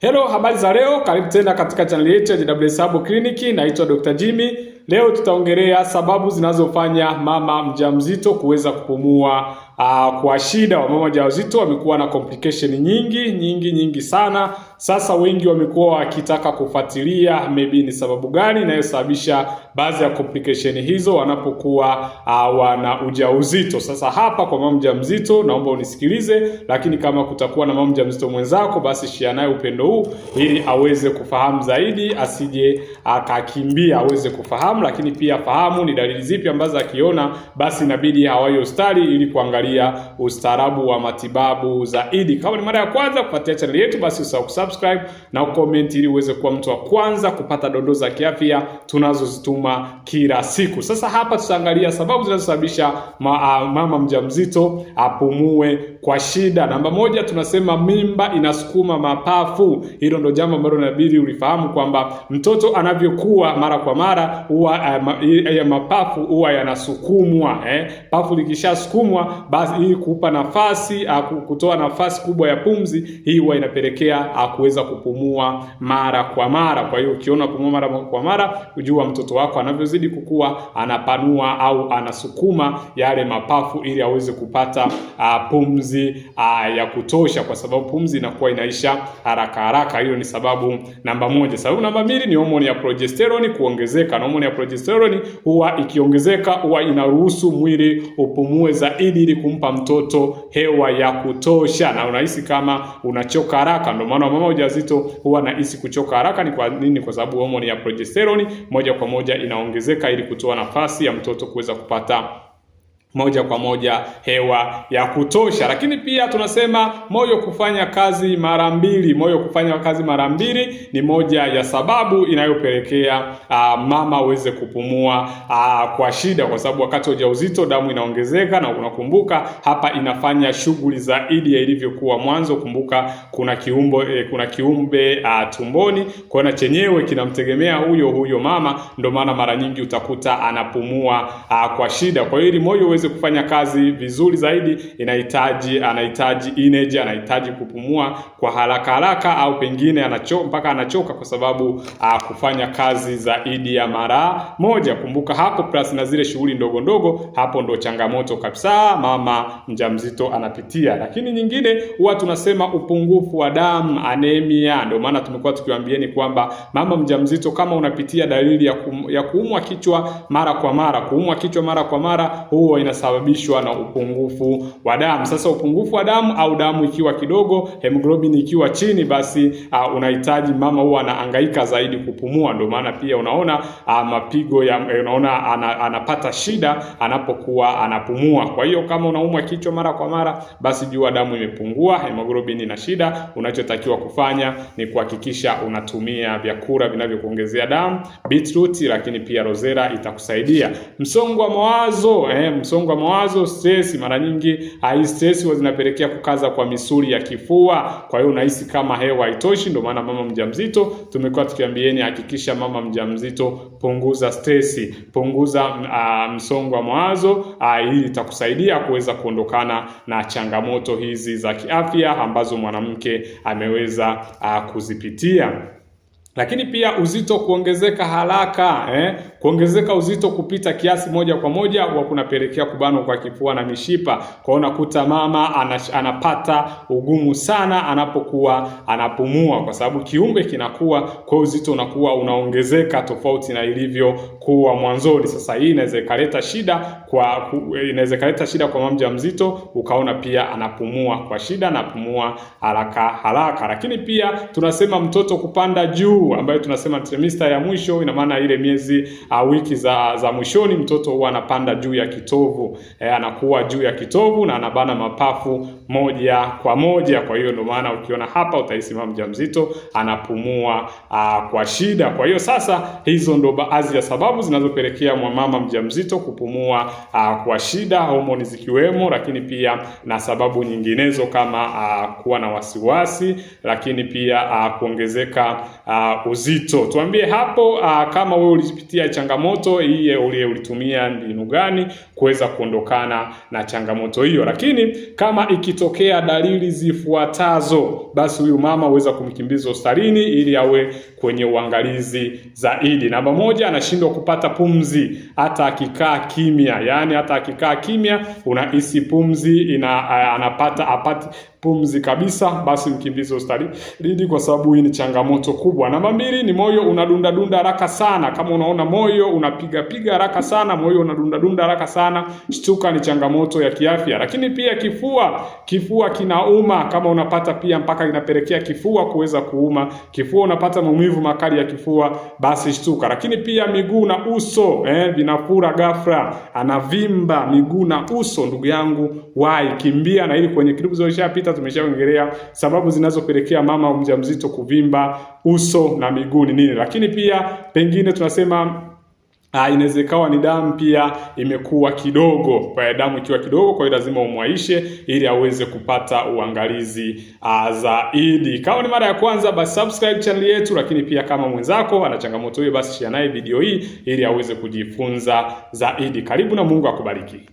Hello, habari za leo, karibu tena katika chaneli yetu ya JW Herbal Clinic. Naitwa Dr. Jimmy. Leo tutaongelea sababu zinazofanya mama mjamzito kuweza kupumua Uh, kwa shida wamama wajawazito wamekuwa na complication nyingi nyingi nyingi sana. Sasa wengi wamekuwa wakitaka kufuatilia maybe ni sababu gani inayosababisha baadhi ya complication hizo wanapokuwa uh, wana ujauzito. Sasa hapa kwa mama mjamzito, naomba unisikilize, lakini kama kutakuwa na mama mjamzito mwenzako, basi share naye upendo huu ili aweze kufahamu zaidi, asije akakimbia, aweze kufahamu, lakini pia fahamu ni dalili zipi ambazo akiona basi inabidi hawayo hospitali ili kuangalia kuangalia ustaarabu wa matibabu zaidi. Kama ni mara ya kwanza kufuatia chaneli yetu, basi usahau kusubscribe na ucomment ili uweze kuwa mtu wa kwanza kupata dondoo za kiafya tunazozituma kila siku. Sasa hapa tutaangalia sababu zinazosababisha ma, ah, mama mjamzito apumue kwa shida. Namba moja, tunasema mimba inasukuma mapafu. Hilo ndo jambo ambalo inabidi ulifahamu kwamba mtoto anavyokuwa mara kwa mara huwa eh, ma, eh, mapafu huwa yanasukumwa eh. Pafu likishasukumwa basi, hii kupa nafasi ah, kutoa nafasi kubwa ya pumzi, hii huwa inapelekea ah, kuweza kupumua mara kwa mara. Kwa hiyo ukiona pumua mara kwa mara, ujua mtoto wako anavyozidi kukua anapanua au anasukuma yale mapafu ili aweze kupata uh, pumzi pumzi aa, ah, ya kutosha, kwa sababu pumzi inakuwa inaisha haraka haraka. Hiyo ni sababu namba moja. Sababu namba mbili ni homoni ya progesterone kuongezeka, na homoni ya progesterone huwa ikiongezeka, huwa inaruhusu mwili upumue zaidi, ili kumpa mtoto hewa ya kutosha, na unahisi kama unachoka haraka. Ndio maana mama ujazito huwa anahisi kuchoka haraka. Ni kwa nini? Kwa sababu homoni ya progesterone moja kwa moja inaongezeka, ili kutoa nafasi ya mtoto kuweza kupata moja kwa moja hewa ya kutosha. Lakini pia tunasema moyo kufanya kazi mara mbili. Moyo kufanya kazi mara mbili ni moja ya sababu inayopelekea uh, mama aweze kupumua uh, kwa shida, kwa sababu wakati wa ujauzito damu inaongezeka, na unakumbuka hapa inafanya shughuli zaidi ya ilivyokuwa mwanzo. Kumbuka kuna kiumbo, eh, kuna kiumbe uh, tumboni, kwa na chenyewe kinamtegemea huyo huyo mama, ndio maana mara nyingi utakuta anapumua uh, kwa shida. Kwa hiyo ili moyo uweze aweze kufanya kazi vizuri zaidi, inahitaji anahitaji energy, anahitaji kupumua kwa haraka haraka, au pengine anacho, mpaka anachoka kwa sababu uh, kufanya kazi zaidi ya mara moja. Kumbuka hapo plus na zile shughuli ndogo ndogo, hapo ndo changamoto kabisa mama mjamzito anapitia. Lakini nyingine huwa tunasema upungufu wa damu, anemia. Ndio maana tumekuwa tukiwaambieni kwamba mama mjamzito, kama unapitia dalili ya, kum, ya kuumwa kichwa mara kwa mara, kuumwa kichwa mara kwa mara huo inasababishwa na upungufu wa damu. Sasa upungufu wa damu au damu ikiwa kidogo, hemoglobin ikiwa chini, basi uh, unahitaji mama huwa anahangaika zaidi kupumua, ndio maana pia unaona uh, mapigo ya eh, unaona ana, anapata shida anapokuwa anapumua. Kwa hiyo kama unaumwa kichwa mara kwa mara, basi jua damu imepungua, hemoglobin ina shida. Unachotakiwa kufanya ni kuhakikisha unatumia vyakula vinavyokuongezea damu, beetroot, lakini pia rozera itakusaidia. Msongo wa mawazo eh, msongo msongo wa mawazo, stress. Mara nyingi ah, hii stress huwa zinapelekea kukaza kwa misuli ya kifua, kwa hiyo unahisi kama hewa haitoshi. Ndio maana mama mjamzito tumekuwa tukiambieni, hakikisha mama mjamzito punguza stress, punguza uh, msongo wa mawazo uh, hii itakusaidia kuweza kuondokana na changamoto hizi za kiafya ambazo mwanamke ameweza uh, kuzipitia. Lakini pia uzito kuongezeka haraka eh, kuongezeka uzito kupita kiasi moja kwa moja huwa kunapelekea kubanwa kwa kifua na mishipa. Kwa unakuta mama anash, anapata ugumu sana anapokuwa anapumua, kwa sababu kiumbe kinakuwa, kwa uzito unakuwa unaongezeka tofauti na ilivyokuwa mwanzoni. Sasa hii inaweza ikaleta shida kwa inaweza ikaleta shida kwa mama mjamzito, ukaona pia anapumua kwa shida, anapumua haraka haraka. Lakini pia tunasema mtoto kupanda juu mkuu ambayo tunasema trimester ya mwisho, ina maana ile miezi uh, wiki za za mwishoni mtoto huwa anapanda juu ya kitovu eh, anakuwa juu ya kitovu na anabana mapafu moja kwa moja. Kwa hiyo ndio maana ukiona hapa utahisi mama mjamzito anapumua uh, kwa shida. Kwa hiyo sasa hizo ndo baadhi ya sababu zinazopelekea mama mjamzito kupumua uh, kwa shida, homoni zikiwemo, lakini pia na sababu nyinginezo kama uh, kuwa na wasiwasi, lakini pia uh, kuongezeka uh, uh, uzito. Tuambie hapo uh, kama wewe ulipitia changamoto hii, ulitumia mbinu gani kuweza kuondokana na changamoto hiyo. Lakini kama ikitokea dalili zifuatazo, basi huyu mama uweza kumkimbiza hospitalini ili awe kwenye uangalizi zaidi. Namba moja, anashindwa kupata pumzi hata akikaa kimya, yaani hata akikaa kimya unahisi pumzi ina, eh, anapata apati pumzi kabisa, basi mkimbize hospitalini kwa sababu hii ni changamoto kubwa. Namba mbili ni moyo unadunda dunda haraka sana. Kama unaona moyo unapiga piga haraka sana, moyo unadunda dunda haraka sana, shtuka, ni changamoto ya kiafya. Lakini pia kifua, kifua kinauma kama unapata pia mpaka inapelekea kifua kuweza kuuma, kifua unapata maumivu makali ya kifua, basi shtuka. Lakini pia miguu na uso eh, vinafura ghafla, anavimba miguu na uso, ndugu yangu, wai kimbia, na ili kwenye klipu zilizopita tumeshaongelea sababu zinazopelekea mama mjamzito kuvimba uso na miguu ni nini, lakini pia pengine tunasema Uh, inaweza ikawa ni damu pia imekuwa kidogo. Kwa eh, damu ikiwa kidogo, kwa hiyo lazima umwaishe ili aweze kupata uangalizi uh, zaidi. Kama ni mara ya kwanza, basi subscribe channel yetu, lakini pia kama mwenzako ana changamoto hiyo, basi share naye video hii ili aweze kujifunza zaidi. Karibu na Mungu akubariki.